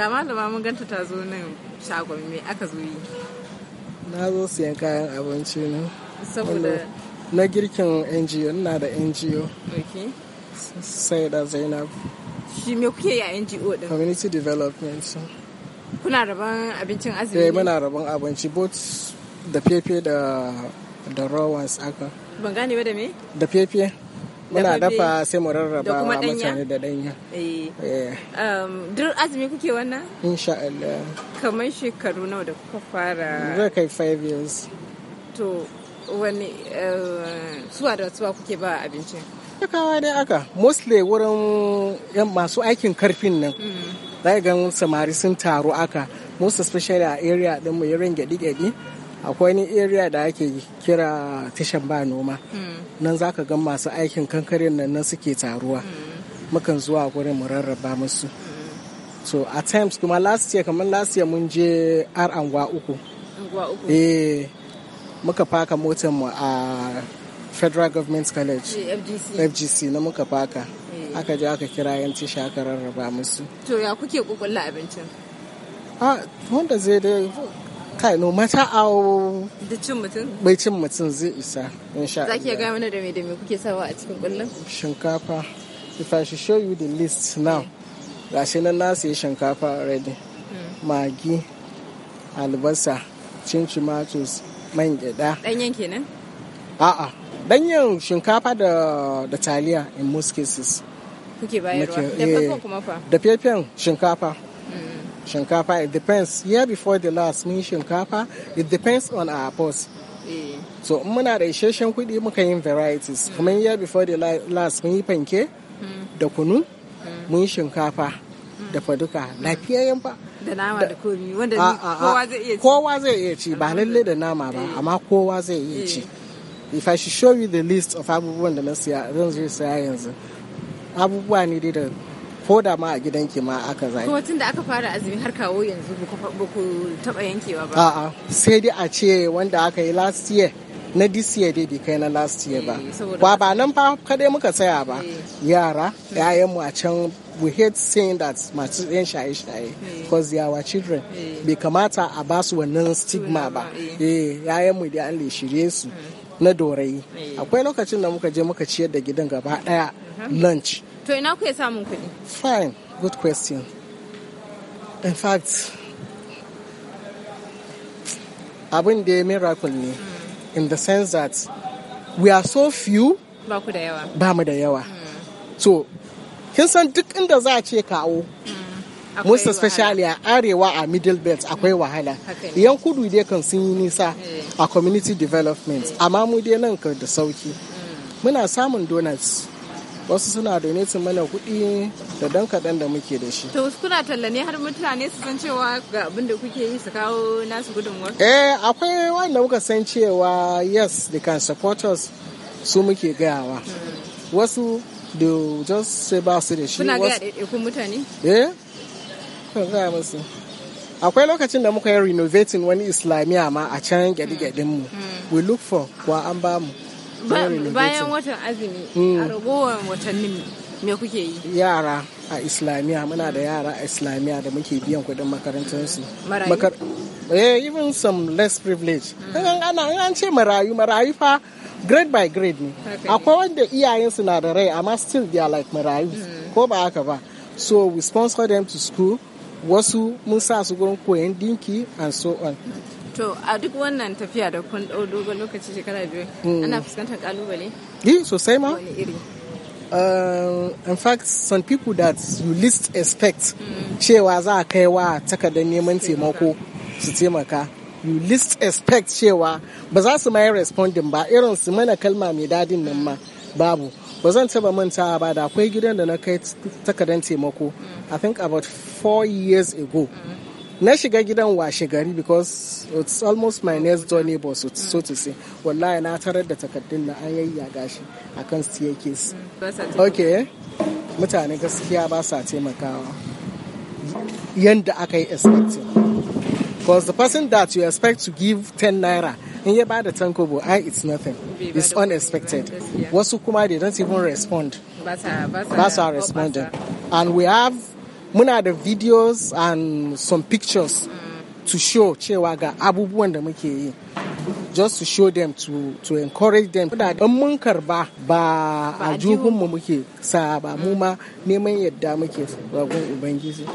da malama mun ganta ta zo nan shagon me aka zo yi na zo siyan kayan abinci ne saboda na girkin ngo na da ngo sai da zainab shi me kuke yi a ngo din community development kuna rabon abincin azumi eh muna rabon abinci both da fefe da da raw ones aka ban gane ba da me da fefe muna dafa sai mu rarraba wa mutane da danya eh. eh. um, dur azumi kuke wannan insha Allah kamar shekaru nawa da kuka fara zai kai 5 years to wani uh, suwa da suwa kuke ba abincin kawa dai aka mostly wurin masu aikin karfin nan mm. zai gan samari sun taru aka most especially a area din mu yi gyaɗi-gyaɗi akwai ni area da ake kira tishan ba noma hmm. nan za ka gan masu aikin kankarin nan nan suke taruwa hmm. mukan zuwa gurin mu rarraba musu hmm. so at times kuma last year kamar last year mun je ar anguwa uku eh muka faka motar mu a federal government college eh, fgc na muka faka eh. aka je aka kira yan tisha aka rarraba musu to ya kuke kukulla abincin ah wanda zai dai kai no mata au da cin mutum bai cin mutum zai isa insha Allah zaki ga mana da me da me kuke sawa a cikin kullun shinkafa if i should show you the list now gashi nan na sayi shinkafa already hmm. magi albasa cin tomatoes man gyada danyen kenan a'a danyen shinkafa da da taliya in most cases kuke bayarwa da fafen eh, kuma fa da fafen shinkafa shinkafa it depends year before the last mun shinkafa it depends on our boss eh. so in muna da isasshen kuɗi muka yin varieties kamar year before the last mun yi fanke hmm. da kunu hmm. mun shinkafa hmm. da faduka lafiyayyen fa da nama da komi wanda kowa zai iya ci kowa zai iya ci ba lalle da nama ba eh. amma kowa zai iya ci eh. if i should show you the list of abubuwan da na siya zan je siya yanzu abubuwa ne dai da ko da ma a gidanki ma aka zai ko tun da aka fara azumi har kawo yanzu ba ku taba yankewa ba a'a sai dai a ce wanda aka yi last year na this year dai bai kai na last year ba eh, ba ba nan fa kadai muka saya ba eh. yara yayanmu a can we hate saying that masu yan shaye-shaye eh. because they are our children bai kamata a ba su wannan stigma ba eh yayanmu dai an shirye su hmm. na dorayi akwai lokacin da muka je muka ciyar da gidan gaba daya uh-huh. lunch To ina kuke samun kuɗi? Fine, good question. In fact, abin da ya miracle ne in the sense that we are so few ba ku da yawa ba mu da yawa hmm. so kin san duk inda za a ce kawo hmm, most especially a arewa a middle belt akwai wahala yan kudu dai kan sun yi nisa eh. a community development amma mu dai nan ka da sauki hmm. muna samun donuts wasu suna donatin mana kuɗi da dan kaɗan da muke da shi to kuna talla ne har mutane su san cewa ga abin da kuke yi su kawo nasu gudunmuwar eh akwai wanda muka san cewa yes they can support us su muke gayawa wasu do just say ba su da shi kuna gaya ɗaiɗaikun mutane eh kuna gaya musu akwai lokacin da muka yi renovating wani islamiyya ma a can gyaɗe mu, hmm. we look for kuwa an ba mu. bayan watan azumi a hmm. ragowar watannin me kuke yi yara a islamiyya muna da yara a islamiyya da muke biyan kudin makarantarsu eh, even some less privilege hmm. an ce marayu marayu fa grade by grade ne akwai wanda iyayensu na da rai amma still they are like marayu hmm. ko ba haka ba so we sponsor them to school wasu mun sa su gurin koyan dinki and so on To a duk wannan tafiya da kun ɗau dogon lokaci shekara biyu hmm. ana fuskantar kalubale? Eh sosai ma. Eh, in fact some people that you least expect hmm. cewa za a kai wa takardar neman taimako su taimaka you least expect cewa ba za su mai responding ba irin su mana kalma mai dadin nan ma babu ba zan taba manta ba da akwai gidan da na kai takardar taimako hmm. i think about four years ago mm -hmm. na shiga gidan washe gari because it's almost my next door neighbor so, so to say wallahi na tarar da takardun na an yayyaga shi akan staircase okay mutane gaskiya ba sa taimakawa yanda aka yi expecting because the person that you expect to give 10 naira in ya bada ten kobo ai it's nothing it's unexpected wasu kuma they don't even respond ba sa responding and we have muna da videos and some pictures to show cewa ga abubuwan da muke yi just to show them to to encourage them da mun karba ba a juhunmu muke sa ba mu ma neman yadda muke ragon ubangiji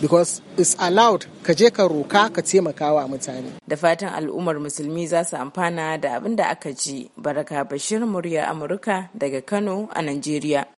because it's allowed ka je ka roka ka taimakawa mutane da fatan al'ummar musulmi za su amfana da abin da aka ji baraka bashir murya amurka daga kano a najeriya